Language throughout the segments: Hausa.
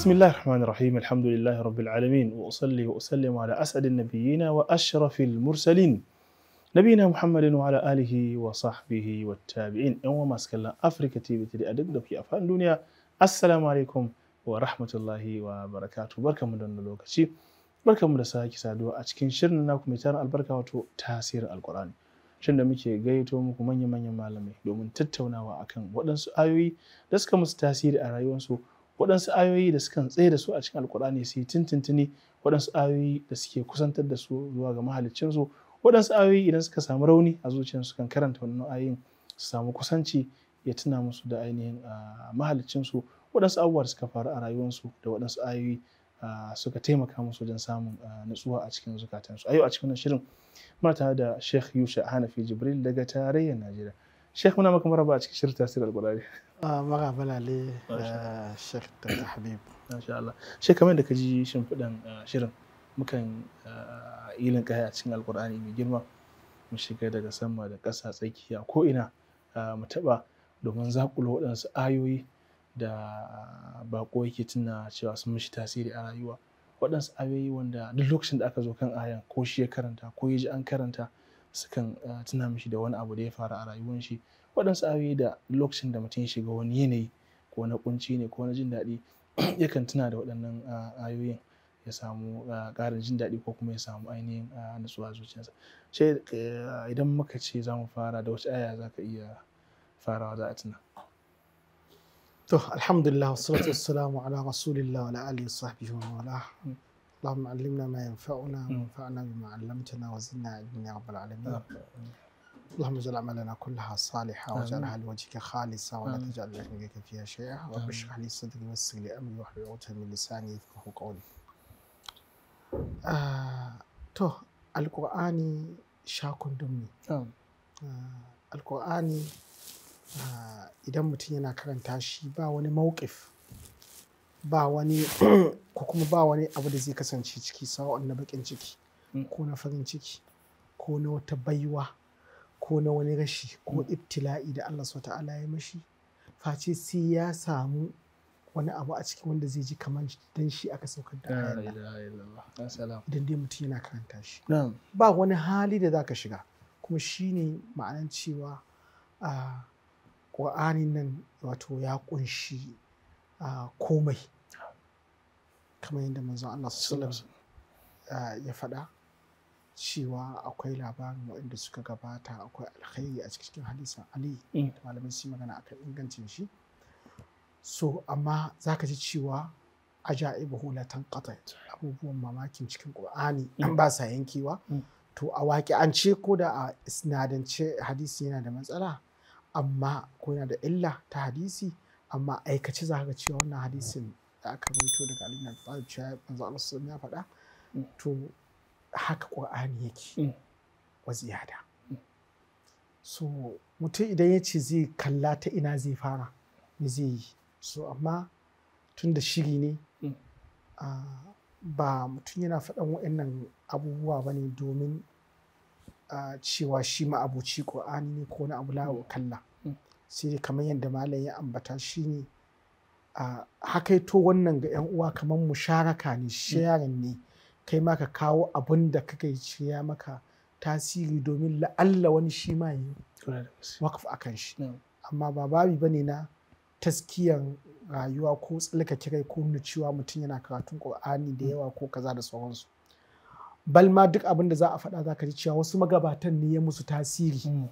بسم الله الرحمن الرحيم الحمد لله رب العالمين وأصلي وأسلم على أسعد النبيين وأشرف المرسلين نبينا محمد وعلى آله وصحبه والتابعين يوم ما سكلا أفريكا تي بتدي أدق في أفان دنيا السلام عليكم ورحمة الله وبركاته بركة من دون لوكشي بركة من ساكي سادو أتكين شرنا ناكم يتار البركة وتو تاسير القرآن shin da muke gaito muku manya-manyan malamai domin tattaunawa akan waɗansu ayoyi da suka musu tasiri a rayuwarsu waɗansu ayoyi da sukan tsaye da su a cikin alkur'ani su yi tintintini waɗansu ayoyi da suke kusantar da su zuwa ga mahaliccinsu waɗansu ayoyi idan suka samu rauni a zuciyar su kan karanta wannan ayoyin su samu kusanci ya tuna musu da ainihin ah, mahaliccinsu waɗansu abubuwa da suka faru a rayuwarsu da waɗansu ayoyi ah, suka taimaka musu wajen samun ah, nutsuwa a cikin zukatansu a yau a cikin shirin mata da sheikh yusha hanafi jibril daga tarayyar najeriya Sheikh muna maka maraba a cikin shirin tasiri al-Qur'ani. Maka balale Sheikh Dr. Habib. Masha Allah. Sheikh kamar da ka ji shimfiɗan shirin mukan ilin kaya a cikin alkur'ani mai girma mu shiga daga sama da ƙasa tsakiya ko ina mu taɓa domin zakulo waɗansu ayoyi da bako yake tuna cewa sun mishi tasiri a rayuwa waɗansu ayoyi wanda duk lokacin da aka zo kan ayan ko shi ya karanta ko ya ji an karanta sukan eh, tuna mishi da wani abu da ya faru a rayuwar shi waɗansu ayoyi da lokacin da mutum ya shiga wani yanayi ko na kunci ne ko na jin daɗi yakan tuna da waɗannan eh, ayoyin ya samu eh, ƙarin jin daɗi ko kuma ya samu ainihin nutsuwa zuciyarsa sai idan muka ce za mu fara da wasu aya za ka iya farawa za a tuna to alhamdulillah wasu ala rasulillah wa ala alihi wa sahbihi اللهم علمنا ما ينفعنا وانفعنا بما علمتنا وزدنا علما يا رب العالمين اللهم اجعل اعمالنا كلها صالحه واجعلها لوجهك خالصه ولا تجعل لشريك فيها شيئا رب اشرح لي صدري ويسر لي امري واحلل عقده من لساني يفقه قولي تو القران شاك دمي القران اذا mutum yana karanta shi ba wani mawukif ba wani ko kuma ba wani abu da zai kasance ciki sawa na bakin ciki mm. ko na farin ciki ko na wata baiwa ko na wani rashi ko mm. ibtila'i da Allah subhanahu ta'ala ya mashi face sai ya samu wani abu a cikin wanda zai ji kamar dan shi aka saukar da idan dai mutum yana karanta shi ba wani hali da zaka shiga kuma shine ma'anar cewa a ah, ƙur'anin nan wato ya ƙunshi komai kamar yadda manzon Allah sallallahu ya faɗa cewa akwai labarin waɗanda suka gabata akwai alkhairi a cikin hadisan Ali eh. malamin sun magana akan ingancin shi so amma za ka ji cewa aja'ibu la tanqata abubuwan mamakin cikin qur'ani eh. an ba sa yankewa eh. to a waki an ce ko da a isnadance hadisi yana da matsala amma ko yana da illa ta hadisi amma aikace za ga cewa wannan hadisin da aka rawaito daga Ali na Talib cewa manzo Allah sun ya faɗa to haka Qur'ani yake wa ziyada so mutum idan ya ce zai kalla ta ina zai fara me zai yi so amma tun da shiri ne ba mutum yana faɗan waɗannan abubuwa ba ne domin cewa shi ma abuci ƙur'ani ne ko na abu lawa kalla sai kamar yadda malam ya ambata shi ne a hakaito wannan ga 'yan uwa kamar sharaka ne mm. sharing ne kai ma ka kawo abin da kaka yi ya maka tasiri domin la'alla wani shi ma yi wakaf a kan shi amma ba babi ba ne na taskiyan rayuwa ko tsalka kirai ko nuciwa mutum yana karatun ƙur'ani da mm. yawa ko kaza da sauransu bal ma duk abin da za a faɗa za ka ji cewa wasu magabatan ne ya musu tasiri mm.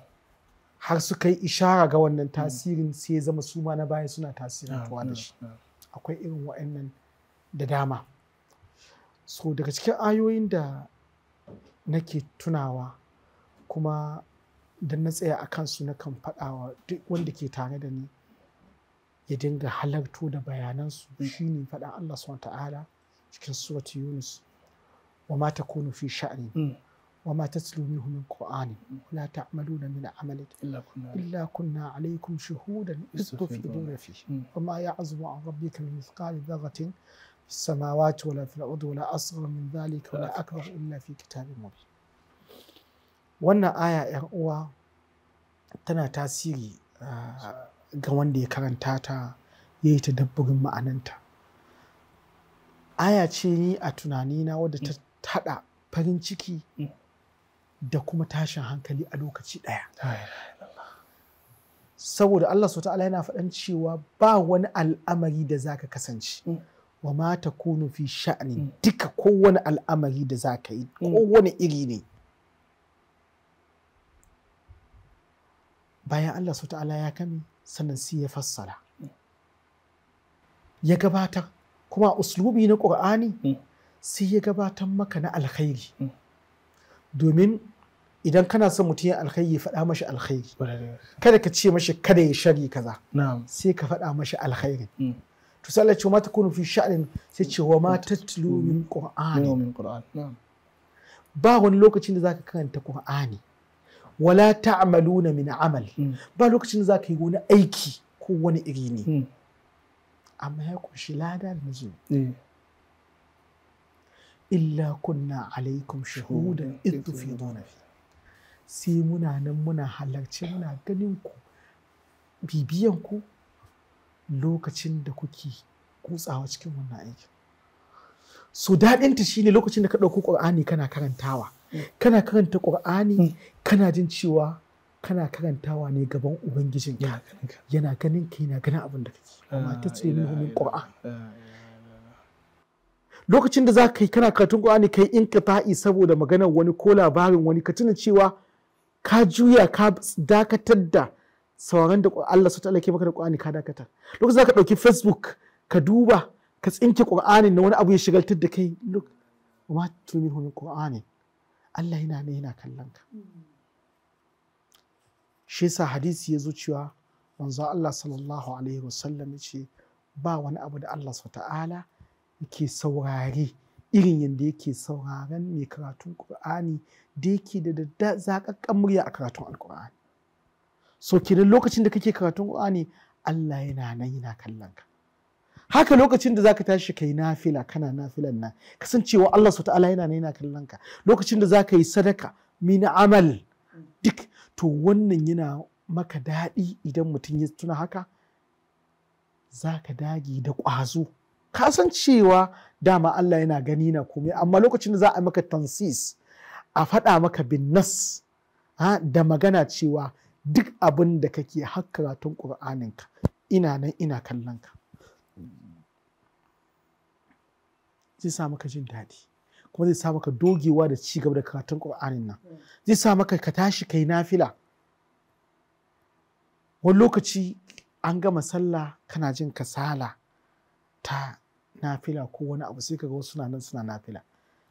har su kai ishara ga wannan mm. tasirin sai ya zama su ma na baya suna tasirantuwa da ah, shi ah, ah. akwai irin wa'annan da dama so daga cikin ayoyin da nake tunawa kuma da na tsaya a kansu na kan faɗawa duk wanda ke tare da ni ya dinga halarto da bayanansu mm. shine faɗan Allah subhanahu ta'ala cikin surat Yunus wa ma kunu fi sha'ani mm. Wamma ya tasa domin hudun ƙo'a ne. Ya ta' Maduna Illa kunna. Illa kunna aleikum shahu da isko fili. Illa kunna. Wamma ya azuma a rabbi kan gari gabatin sama wata wala fila'u da wani asirin da zan yi kawai illa fi ka tare Wannan aya ƴaruwa tana tasiri ah, ga wanda ya karanta ta yayi yi ta dabbobin ma'ananta. Aya ce ni a tunani na wadda ta haɗa mm. farin ciki. Mm. da kuma tashin hankali a lokaci ɗaya. Saboda Allah su ta'ala yana faɗan cewa ba wani al'amari da za ka kasance. Mm. Wa ma ta kunu fi sha'ani mm. duka kowane al'amari da za ka yi, mm. kowane iri ne. Bayan Allah su ta'ala ya kame sannan sai ya fassara. Ya gabatar kuma uslubi na ƙur'ani sai ya gabatar maka na alkhairi. domin idan kana son mutum ya alkhairi faɗa mashi alkhairi kada ka ce mashi kada ya shari kaza sai ka faɗa mashi alkhairi mm. to sai Allah ce mata kunu fi sha'anin sai ce wa ma tatlu min qur'ani ba wani lokacin da zaka karanta qur'ani wala ta'maluna min amal mm. ba lokacin da zaka yi wani aiki ko wani iri ne mm. amma ya kunshi lada da zuwa illa kunna alaikum shahudan iddu fi fi sai muna nan muna halarci muna ganin ku bibiyan ku lokacin da kuke kutsawa cikin wannan aikin so daɗinta shine lokacin da ka ɗauko qur'ani kana karantawa mm. kana karanta ƙur'ani mm. kana jin cewa kana karantawa ne gaban ubangijin yana ganin ka yana ganin abin da kake amma ta ce min qur'an lokacin da za ka yi kana karatun ƙur'ani ka yi in ta'i saboda maganar wani ko labarin wani ka tuna cewa ka juya ka dakatar da sauran da Allah su ta'ala ke maka da ƙur'ani ka dakata lokacin za ka ɗauki facebook ka duba ka tsinke ƙur'anin na wani abu ya shigaltar da kai look ma tuni min ƙur'ani. Allah yana ne yana kallon ka shi yasa hadisi ya zo cewa manzo Allah sallallahu alaihi wasallam ya ce ba wani abu da Allah subhanahu ta'ala yake saurari irin yadda yake sauraren mai karatun ƙur'ani da yake da zaƙaƙƙen murya a karatun Alƙur'ani. So kenan lokacin da kake karatun ƙur'ani Allah yana nan yana kallon ka. Haka lokacin da zaka tashi kai nafila kana nafilan nan kasancewa Allah su ta'ala yana nan yana kallon ka. Lokacin da zaka yi sadaka min amal duk to wannan yana maka daɗi idan mutum ya tuna haka zaka dage da ƙwazo. ka san cewa dama Allah yana gani na komai amma lokacin da za a maka tansis a faɗa maka binnas da magana cewa duk abin da kake har karatun ƙur'aninka ina nan ina kallon ka zai sa maka jin daɗi kuma zai sa maka dogewa da ci gaba da karatun ƙur'anin nan zai sa maka ka tashi kai nafila wani lokaci an gama sallah kana jin kasala ta nafila ko wani abu sai kaga wasu suna nan suna nafila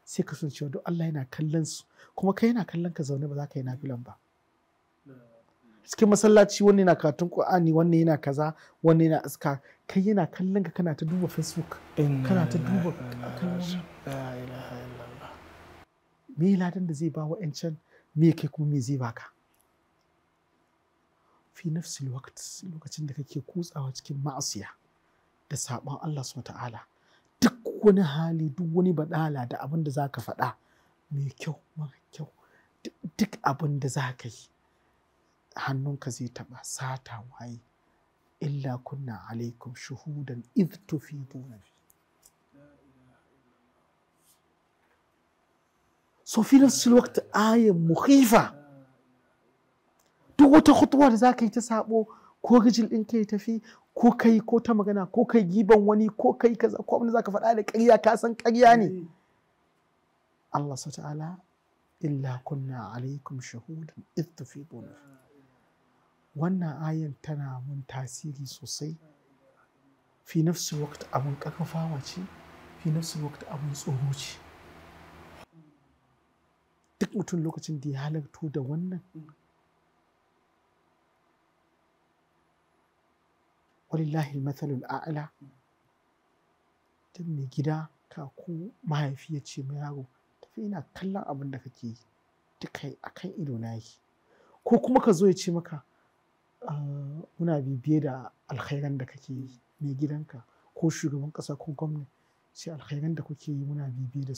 sai ka sun cewa duk Allah yana kallon su kuma kai yana kallon ka zaune ba za ka yi nafilan ba cikin masallaci wani yana katun Qur'ani wani yana kaza wani yana aska kai yana kallon ka kana ta duba Facebook kana ta duba me ladan da zai ba wa'ancan me kai kuma me zai baka fi nafsi lokacin da kake kutsawa cikin ma'asiya da saɓon Allah su ta'ala duk wani hali duk wani badala da abin da za ka faɗa mai kyau mara kyau duk abin da za ka yi hannunka zai taɓa sata waye illa kunna alaikum shuhudan idh tufiduna fi so fi nafsul waqt ayan mukhifa duk wata khutuwa da za ka yi ta sabo ko rijil din kai tafi ko kai ko ta magana ko kai giban wani ko kai kaza ko ka zaka faɗa da ƙarya ka san ƙarya ne eh. Allah sa ta'ala illa kunna alaikum shahudan id wannan ayan tana mun tasiri sosai fi nafsi waqt abun ce fi nafsi waqt abun tsoro ce duk mutum lokacin da ya halarta da wannan mm. walillahi matsalul a'ala tun gida ka ko mahaifi ya yaro tafi ina kallon abin da kake a kan ido na yake ko kuma ka zo ya ce maka ah, muna ko shugaban kasa ko gwamna kuke yi muna bibiye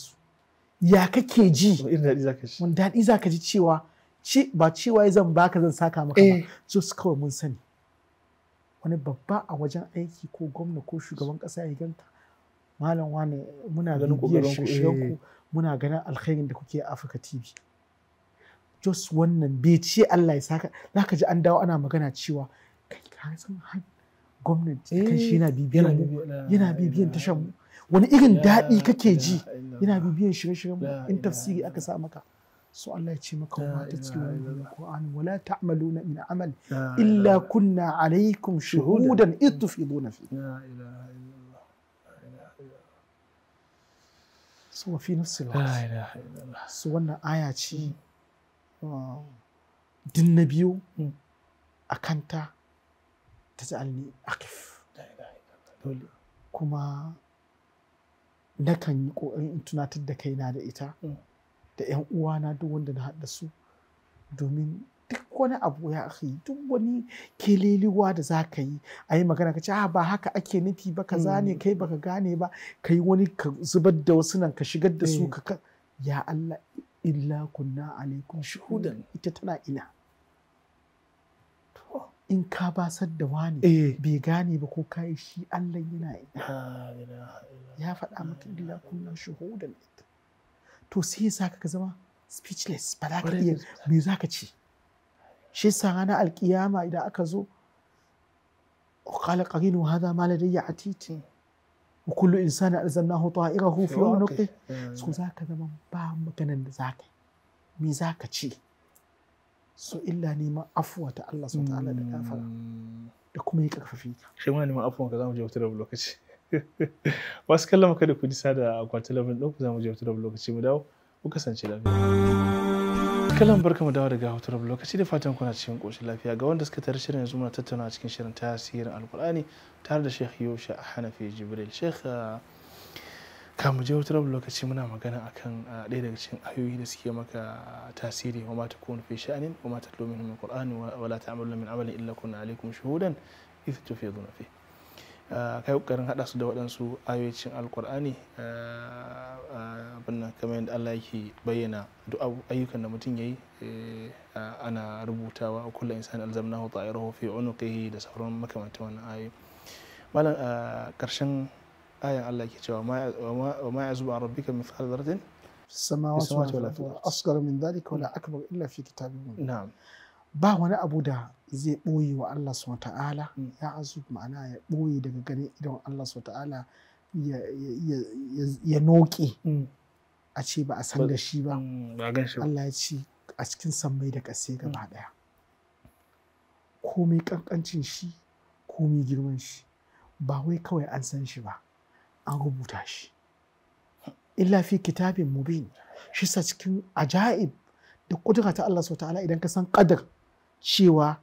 ya kake ji wani ji cewa ba cewa zan baka zan saka maka ba eh. so kawai mun sani wani babba a wajen aiki ko gwamna ko shugaban kasa ya ganta malam wane muna ganin biyar ku? Eh. muna ganin alkhairin da kuke a Afirka TV just wannan bai ce Allah ya saka ka ji an dawo ana magana cewa kai ka san gwamnati eh, kan shi yana bibiyan mu yana bibiyan tashan mu wani irin daɗi kake ji yana bibiyan shirye-shiryen mu in tafsiri aka sa maka su Allah ya ce maka wa ta tilo min wala ta'maluna min amal illa kunna alaykum shuhudan id fi So wa fi nafsi su wannan aya ce hmm. ah, din na biyu hmm. a kanta ta ja'alni akif kuma nakan yi in tunatar da kaina da ita hmm. da 'yan uwana duk wanda na haɗa su domin duk wani abu ya aka yi duk wani keleliwa da za ka yi a yi magana ka ce ah ba haka ake nufi ba ka zane mm. kai ba ka gane ba ka yi wani ka zubar da wasu nan ka shigar da su eh. ka ya Allah illa kunna alaikum shuhudan mm. ita tana ina in ka basar da wani eh. bai gane ba ko kai shi Allah yana ina ya faɗa maka illa kunna shuhudan ita to sai ya saka ka zama speechless ba za ka iya me za ka ci shi sa ranar alkiyama idan aka zo qala qarinu hadha ma ladayya atiti wa kullu insani alzannahu ta'irahu fi unuqi so za ka zama ba maganan da za ka yi me za ka ci so illa neman afuwa ta Allah subhanahu wa ta'ala da fara hmm. da kuma ya karfafi ka shi ma neman afuwa ka zamu je wata lokaci Masu kallon kada ku disa da akwatin labarin ɗin ku zamu je wata rabu lokaci mu dawo ku kasance lafiya. Kallon barka mu dawo daga wata rabu lokaci da fatan kuna cikin ƙoshin lafiya ga wanda suka tare shirin yanzu muna tattauna cikin shirin tasirin alkur'ani tare da Sheikh Yosha Hanafi Jibril Sheikh ah, kamu je wata rabu lokaci muna magana akan ah, ɗaya daga cikin ayoyi da suke maka tasiri wa mata kun fi sha'anin wa mata lumin min qur'ani wa la ta'malu min amalin illa kunna alaikum shuhudan idh tufiduna fihi Eh, kai kokarin hada su da waɗansu ayoyin alkur'ani eh, eh, abinnan kamar yadda Allah yake bayyana duk ayyukan da mutum yayi ana rubutawa a kullum insani alzamnahu ta'irahu fi unuqihi da sauran makamantan wannan ayoyi malam karshen ayan Allah yake cewa wa ma yazubu rabbika min fa'al dharratin samawati wal ardi asghar min dhalika wala akbar illa fi kitabin na'am ba wani abu da zai ɓoye wa Allah su ta'ala mm. ya azu ma'ana ya ɓoye daga ganin idan Allah su ta'ala ya noƙe mm. a ce ba a san da mm, shi ba Allah ya ce a cikin sammai da ƙasai gaba ɗaya komai ƙanƙancin shi komai girman shi ba wai kawai an san shi ba an rubuta shi illa fi kitabin mubin shi sa cikin ajaib da kudura ta Allah su ta'ala idan ka san ƙadar cewa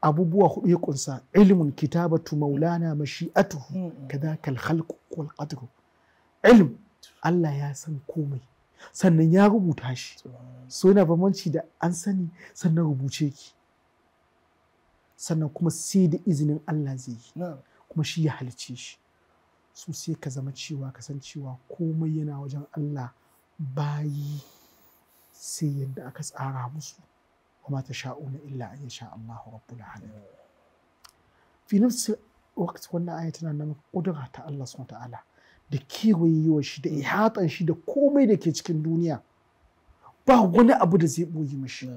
abubuwa hudu ya kunsa ilimin kitabatu maulana mashi'atuhu kadhaka al-khalq wal qadr ilm Allah ya san komai sannan ya rubuta shi so yana bambanci da an sani sannan rubuce ki sannan kuma sai da izinin Allah zai yi kuma shi ya halice shi so sai ka zama cewa ka san cewa komai yana wajen Allah bayi sai yadda aka tsara musu وما تشاءون إلا أن يشاء الله رب العالمين في نفس الوقت وانا آية تنانا قدرة الله سبحانه وتعالى da kewayewa shi da ihatan shi da komai da ke cikin duniya ba wani abu da zai ɓoye mashi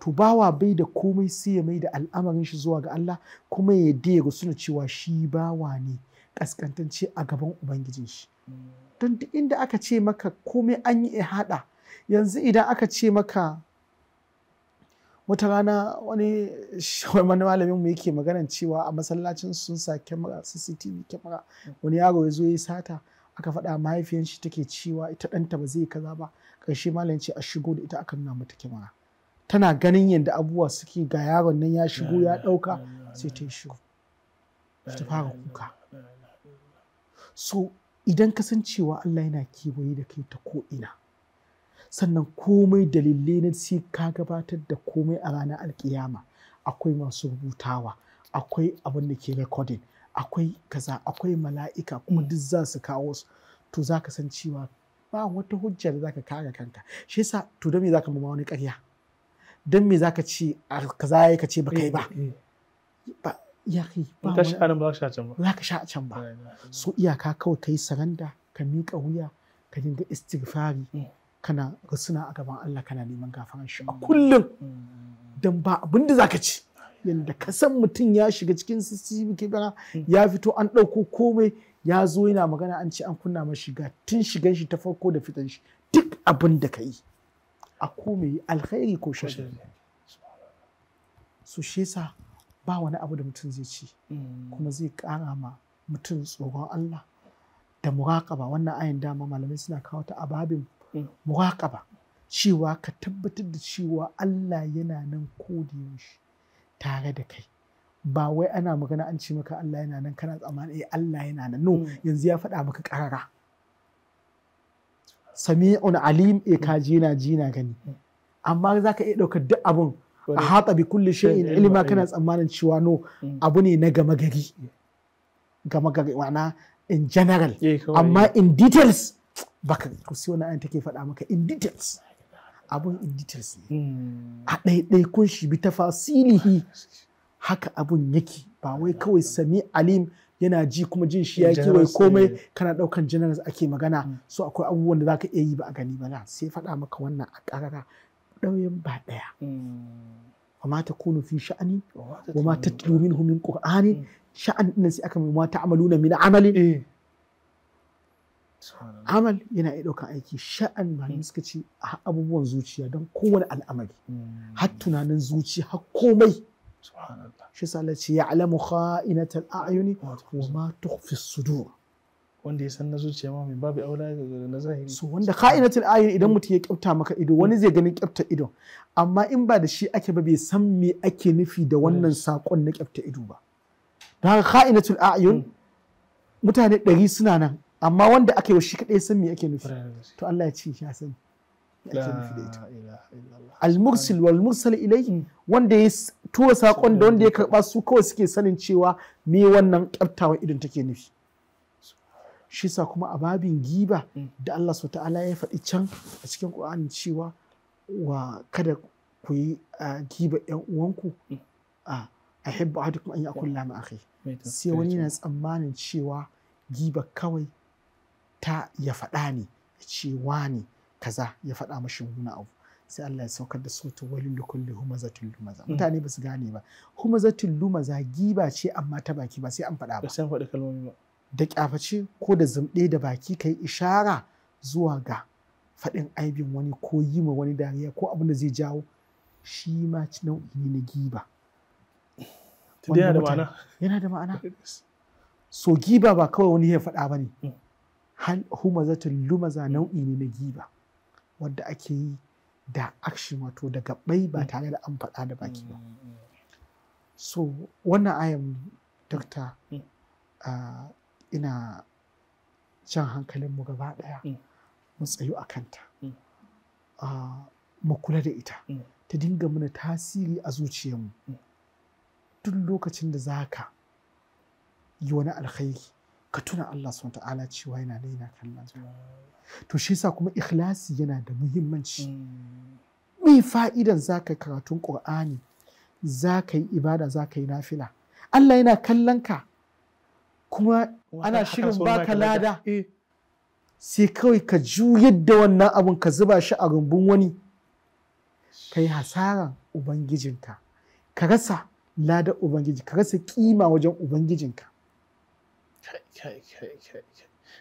to bawa bai da komai sai ya mai da al'amarin shi zuwa ga Allah kuma ya da suna cewa shi bawa ne ƙasƙantance a gaban ubangijin shi don duk inda aka ce maka komai an yi ihada yanzu idan aka ce maka wata rana wani wani malamin mu yake maganan cewa a masallacin sun sa kyamara cctv kyamara wani yaro ya zo ya sata aka faɗa mahaifiyan shi take cewa ita ɗanta ba zai kaza ba ƙarshe malam ce a shigo da ita aka nuna mata kyamara tana ganin yadda abubuwa suke ga yaron nan ya shigo ya ɗauka sai ta yi shigo ta fara kuka so idan kasancewa Allah yana kewaye da kai ta ko'ina sannan komai dalilai na sai ka gabatar da komai a ranar alkiyama akwai masu rubutawa akwai abin da ke recording akwai kaza akwai mala'ika kuma duk za su kawo su to za ka san cewa ba wata hujja da za ka kare kanka shi yasa to don me za ka ma wani karya don me za ka ce kaza ya ka ce ba kai ba mm, mm, mm. ya kai ba ta sha'anin ba za ka sha can ba za ka sha can ba so iyaka kawai ka yi saranda ka miƙa wuya ka dinga istighfari kana rusuna a gaban Allah kana neman gafaran shi a kullum mm. dan ba abin da zaka ci yanda ka san mutum ya shiga cikin sisi mm. ya fito an ɗauko komai ya zo yana magana an ce an kunna mashi shiga tun shigan shi ta farko da fitan shi duk abin da ka yi a komai alkhairi ko shari Su shi yasa ba wani abu da mutum zai ci mm. kuma zai kara ma mutum tsoron Allah da muraƙaba wannan ayin dama malamai suna kawo ta ababin ba cewa ka tabbatar da cewa Allah yana nan ko da yaushe tare da kai ba wai ana magana an ce maka Allah yana nan kana tsammani eh Allah yana nan no mm. yanzu ya faɗa maka ƙarara sami'un alim eh ka ji na ji na gani mm. amma za ka iya ɗaukar duk abun a hatsa bi kulli shay'in ilima kana eh. tsammanin cewa no mm. abu ne na gama gari gama gari ma'ana in general eh, amma in details baka kusi wani ayan take faɗa maka in details abun in details ne hmm. a ɗaiɗai kun shi bi ta fasilihi haka abun yake ba wai kawai sami alim yana ji kuma jin shi ya kewaye komai kana ɗaukan generous ake magana hmm. so akwai abubuwan da zaka iya yi ba a gani ba sai faɗa maka wannan a ƙarara ɗauyen ba ɗaya hmm. sha'ani wa mata شأن وما تتلو منه من sai aka الناس أكمل ما تعملون min amalin. Eh. amal yana iya ɗaukan aiki sha'an malamai hmm. suka ce abubuwan zuciya don kowane al'amari hmm. har tunanin zuciya har komai shi sala ce ya alamu kha'inatal a'yuni wa ma tukhfi sudur wanda ya san na zuciya ma mai babu aula na zahiri so wanda kha'inatul a'yuni idan mutum ya kyauta maka ido wani zai ganin kyauta ido amma in ba da shi ake ba bai san me ake nufi da wannan sakon na kyauta ido ba don haka kha'inatul a'yun hmm. mutane ɗari suna nan amma wanda aka yi shi kaɗai san me ake nufi to Allah ya ce ya sani al-mursil wal mursal ilayhi wanda ya tura sakon da wanda ya karba su kawai suke sanin cewa me wannan kartawa idan take nufi shi sa kuma a babin giba mm. da Allah su ta'ala ya faɗi can a cikin Qur'ani cewa wa kada ku yi giba yan uwanku mm. a ahibbu ahadukum an ya'kula ma akhi sai wani yana tsammanin cewa giba kawai ta ya faɗa ni ya ce wani kaza ya faɗa mashi wani abu sai Allah ya saukar da sautu walin da kulli humazatul lumaza hmm. mutane ba su gane ba humazatul lumaza giba ce amma ta baki ba sai an faɗa ba sai an kalmomi ba da kyaface ko da zumɗe da baki kai ishara zuwa ga faɗin aibin wani ko yi ma wani dariya ko abin da zai jawo shi ma nau'i ne na giba yana da ma'ana so giba ba kawai wani ya faɗa ba ne hmm. humazatul lumaza nau'i ne na giba wadda ake yi da action wato da gabai ba tare da an faɗa da baki ba so wannan ayan dokta ina hankalin hankalinmu gaba ɗaya mu tsayu a kanta mu kula da ita ta dinga mana tasiri a zuciyarmu duk lokacin da za ka yi wani alkhairi ka tuna Allah subhanahu ta'ala cewa yana nan yana kallon to shi yasa kuma ikhlasi yana da muhimmanci mm. me fa'idan zaka karatun Qur'ani zaka yi ibada zaka yi nafila Allah yana kallon ka kuma ana shirin baka lada eh. sai kawai ka juyar da wannan abun ka zuba shi a rumbun wani ka yi hasaran ubangijinka ka rasa lada ubangiji ka rasa kima wajen ubangijinka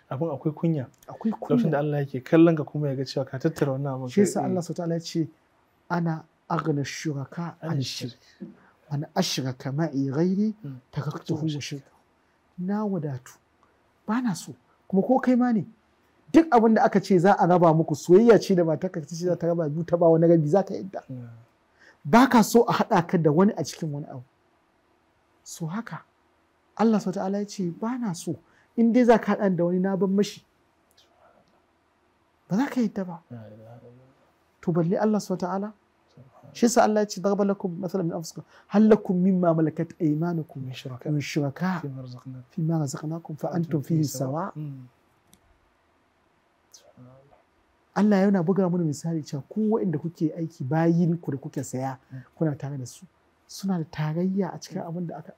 abin akwai kunya akwai kunya lokacin da Allah yake kallon ka kuma ya ga cewa ka tattara wannan abin shi yasa Allah subhanahu ya ce ana aghna shuraka an shirk man ashraka ma'i ghairi hmm. taraktuhu wa shirka na wadatu bana so kuma ko kai ma ne duk abin da aka ce za a raba muku soyayya ce da matarka ce za ta raba biyu ta ba wani rabi za ka yadda hmm. ba ka so a haɗa ka da wani a cikin wani abu so haka Allah sau ta'ala ya ce ba na so in dai za ka haɗa da wani na ban mashi ba za ka yadda ba to balle Allah sau ta'ala shi sa Allah ya ce darba lakum masala min afuska hal min ma malakat aymanukum min shuraka min fi ma razaqnakum fa antum fihi sawa hmm. Allah yana buga mana misali cewa ku waɗanda kuke aiki bayin ku da kuke saya hmm. kuna tare da su suna da tarayya a cikin hmm. abin da aka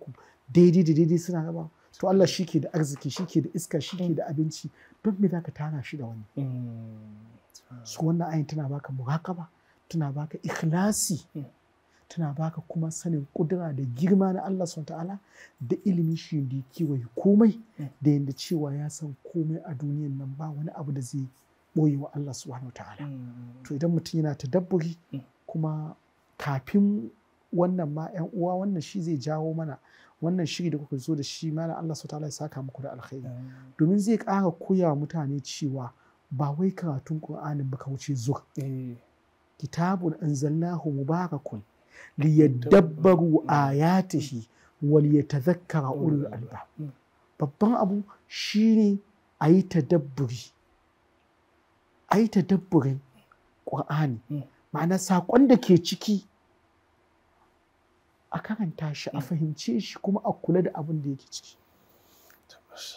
ku daidai da daidai suna raba to Allah shi ke da arziki shi ke da iska shi ke da mm. abinci don me za ka tara shi da wani mm. su wannan ayin tana baka murakaba tana baka ikhlasi mm. tana baka kuma sanin kudura da girma na Allah subhanahu da ilimi shi da kiwaye komai da yadda cewa ya san komai a duniyan nan ba wani abu da zai boye wa Allah subhanahu to idan mutum yana ta dabburi. kuma kafin wannan ma 'yan uwa wannan shi zai jawo mana wannan shiri da kuka zo da shi malam Allah subhanahu ta'ala ya saka muku da alkhairi domin zai ƙara koya mutane cewa ba wai karatun Qur'anin ba ka wuce zuwa eh. kitabun anzalnahu mubarakun liyadabbaru mm. ayatihi wal yatadhakkara mm. ulul albab mm. babban abu shine a tadabburi a yi tadabburin ƙur'ani ma'ana saƙon da ke ciki a karanta shi a hmm. fahimce shi kuma a kula da abin da yake ciki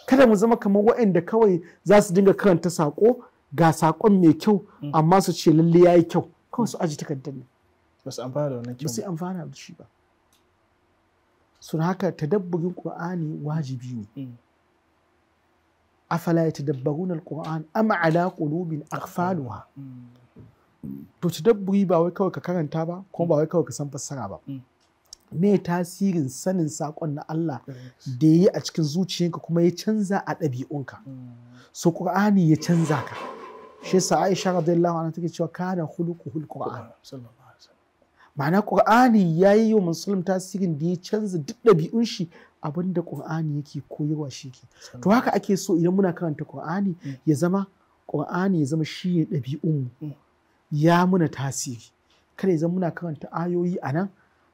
kada mu zama kamar waɗanda kawai za su dinga karanta saƙo ga saƙon mai kyau hmm. amma su ce lalle ya yi kyau kawai su aji takardar ne ba su amfana da wannan kyau ba su amfana da shi ba su haka tadabburin qur'ani wajibi ne hmm. afala yatadabbaruna alquran am ala qulubin aghfaluha to tadabburi ba wai kawai ka karanta ba kuma ba wai kawai ka san fassara ba me tasirin sanin saƙon na Allah da ya yi a cikin zuciyarka kuma ya canza a ɗabi'unka mm. so ƙur'ani ya canza ka shi yasa Aisha radiyallahu anha take cewa kana khuluquhul qur'an ma'ana ƙur'ani ya yi wa musulun tasirin da ya canza duk ɗabi'un shi abinda ƙur'ani yake koyarwa shi ke to haka ake so idan muna karanta ƙur'ani mm. ya zama ƙur'ani ya zama shi ne ɗabi'un mm. ya muna tasiri kada ya zama muna karanta ayoyi a nan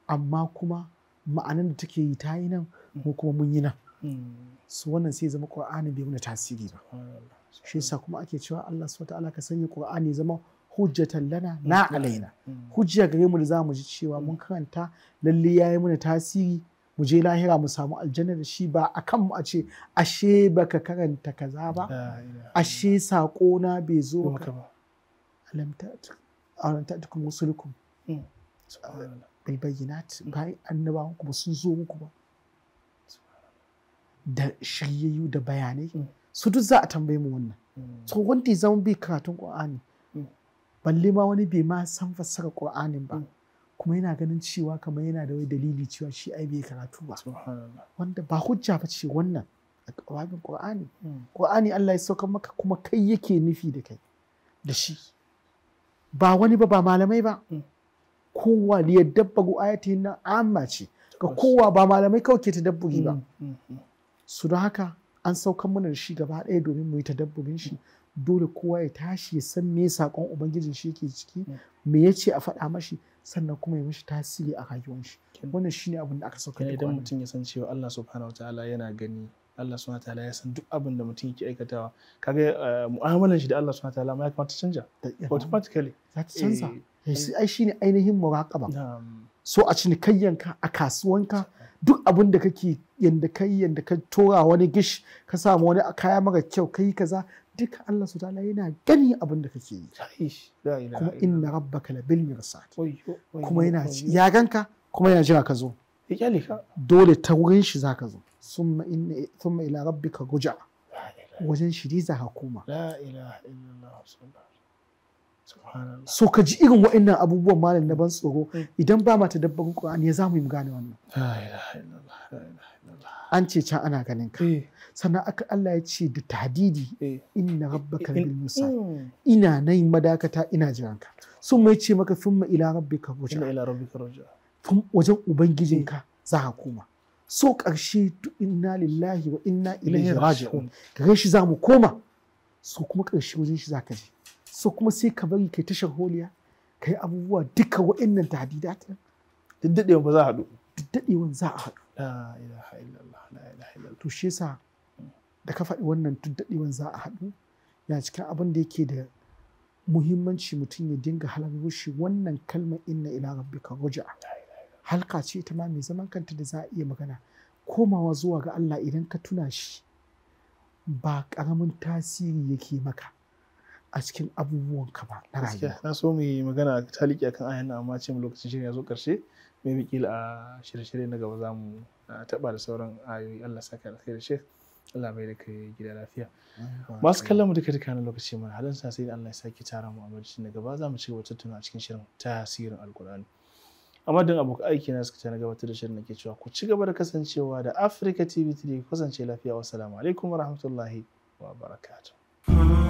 amma kuma ma'anar da take yi ta yi nan mu hmm. kuma mun yi nan hmm. su wannan sai zama ƙwa'ani bai mana tasiri ba shi yasa kuma ake cewa Allah subhanahu wataala ka sanya ƙwa'ani zama hujjatan lana hmm. na alaina hujja gare mu da za mu ji cewa mun karanta lalle yi mana tasiri mu je lahira mu samu aljanna da shi ba a kan mu a ce ashe baka karanta kaza ba ashe sako bai zo ka alam ta'atukum rusulukum bilbayinat bayan annabawan ba sun zo muku ba da shiryayyu da bayanai mm. su duk za a tambaye mu wannan mm. so wanda ya zama bai karatun ƙur'ani mm. balle ma wani bai ma san fassara ƙur'anin ba kuma yana ganin cewa kamar yana da wai dalili cewa shi ai bai karatu ba wanda ba hujja ba ce wannan a ƙur'ani ƙwa'ani Allah ya sauka maka kuma kai yake nufi da kai da shi ba wani ba ba malamai ba kowa da ya dabbagu ayatin nan amma ce ga kowa ba malamai kawai ke ta dabbugi ba mm, mm, mm. su don haka an saukan mana da shi gaba ɗaya domin mu yi ta dabbugin shi dole kowa ya tashi ya san me sakon ubangijin shi yake ciki me ya ce a faɗa mashi sannan kuma ya mashi tasiri a rayuwar shi wannan shine abin da aka sauka da idan mutum ya san cewa Allah subhanahu wataala yana gani Allah subhanahu wataala ya san duk abin da mutum yake aikatawa kaga eh, mu'amalan shi da Allah subhanahu wataala ma ya kamata canja automatically za ta canza eh, ai shine ainihin muraqaba so a kayyanka a kasuwanka duk abin da kake yanda kai yanda ka tora wani gish ka samu wani kaya mara kyau kai kaza duka Allah su ta'ala yana gani abin da kake yi kuma inna rabbaka bil mirsad kuma yana ya ganka kuma yana jira ka zo dole ta wurin shi zaka zo summa inna thumma ila rabbika ruja wajen shi za ka koma la ilaha illallah so ka ji irin wa'annan abubuwan malam na ban tsoro mm. idan ba mata dabbar qur'ani ya zamu mu gane wannan an ce can ana ganin ka eh. sannan aka Allah ya ce da tahdidi eh. inna rabbaka bil musa mm. ina nan madakata ina jiran ka sun mai ce maka thumma ila rabbika ruja ila rabbika ruja wajen ubangijinka eh. za ka koma so ƙarshe inna lillahi wa inna ilaihi raji'un gare shi za mu koma so kuma ƙarshe wajen shi za ka je so kuma sai ka bari kai tashar holiya kai abubuwa duka wa'annan hadida ta dadewan ba za a haɗu duk za a haɗu la ilaha illallah la ilaha illallah to shi yasa da ka faɗi wannan duk za a haɗu ya cikin abin da yake da muhimmanci mutum ya dinga halarwar shi wannan kalmar inna ila rabbika ruja halka ce ta ma mai zaman kanta da za a iya magana komawa zuwa ga Allah idan ka tuna shi ba ƙaramin tasiri yake maka a cikin abubuwan ka ba na rayuwa na so mu yi magana ta liƙe akan ayan nan amma ce mu lokacin shirin ya zo ƙarshe mai bi kila a shirye-shirye na gaba za mu taɓa da sauran ayoyi Allah saka da kai da shi. Allah bai da kai gida lafiya masu kallon mu duka duka na lokaci mana halin sa sai Allah ya sake tara mu a madadin na gaba za mu ci gaba tattuna a cikin shirin tasirin alkur'ani Amma madadin abokan aiki na suka ta na gabatar da shirin nake cewa ku ci gaba da kasancewa da Africa TV 3 ku kasance lafiya wa wassalamu alaikum wa wabarakatuh